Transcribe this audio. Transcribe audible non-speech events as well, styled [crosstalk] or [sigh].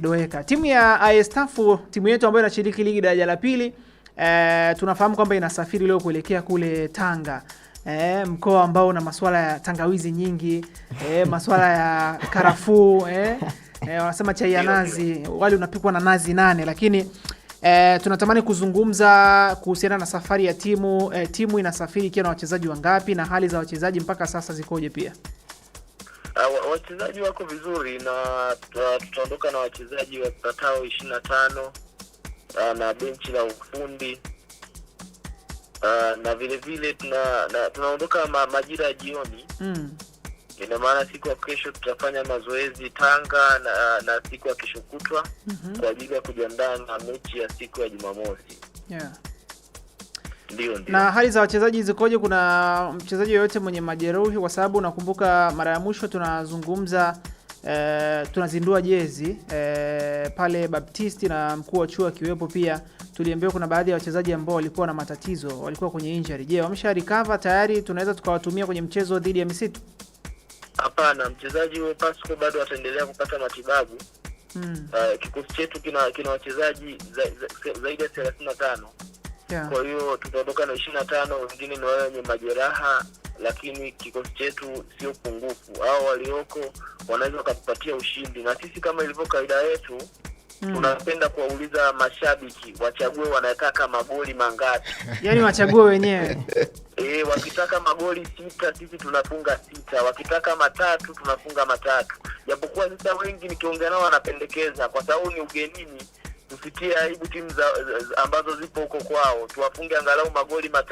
Doweka. Timu ya Istafu, timu yetu ambayo inashiriki ligi daraja la pili e, tunafahamu kwamba inasafiri leo kuelekea kule Tanga. E, mkoa ambao una masuala ya tangawizi nyingi, e, masuala ya [laughs] karafuu, e, e, wanasema chai ya nazi, wali unapikwa na nazi nane, lakini e, tunatamani kuzungumza kuhusiana na safari ya timu e, timu inasafiri ikiwa na wachezaji wangapi na hali za wachezaji mpaka sasa zikoje pia. Ah, wachezaji wako vizuri na tutaondoka na wachezaji wapatao ishirini na tano ah, na benchi la ufundi uh, na vilevile tuna tunaondoka ma, majira ya jioni mm. Ina maana siku ya kesho tutafanya mazoezi Tanga na, na siku ya kesho kutwa mm -hmm. kwa ajili ya kujiandaa na mechi ya siku ya Jumamosi yeah. Ndio, Na hali za wachezaji zikoje? Kuna mchezaji yoyote mwenye majeruhi? Kwa sababu nakumbuka mara ya mwisho tunazungumza e, tunazindua jezi e, pale Baptisti na mkuu wa chuo akiwepo pia, tuliambiwa kuna baadhi ya wachezaji ambao walikuwa na matatizo, walikuwa kwenye injury. Je, wamesha recover tayari? Tunaweza tukawatumia kwenye mchezo dhidi ya Misitu? Hapana, mchezaji huyo Pasco bado ataendelea kupata matibabu. Hmm. Uh, kikosi chetu kina kina wachezaji zaidi za, za, za, ya 35 yeah. Kwa hiyo tutaondoka na ishirini na tano, wengine ni wale wenye majeraha, lakini kikosi chetu sio pungufu, au walioko wanaweza wakatupatia ushindi, na sisi kama ilivyo kawaida yetu Mm. tunapenda kuwauliza mashabiki wachague wanataka magoli mangapi, [laughs] yani wachague wenyewe [laughs] e, wakitaka magoli sita sisi tunafunga sita, wakitaka matatu tunafunga matatu, japokuwa sasa wengi nikiongea nao wanapendekeza kwa sababu ni ugenini kufikia aibu timu ambazo zipo huko kwao, tuwafunge angalau magoli matatu.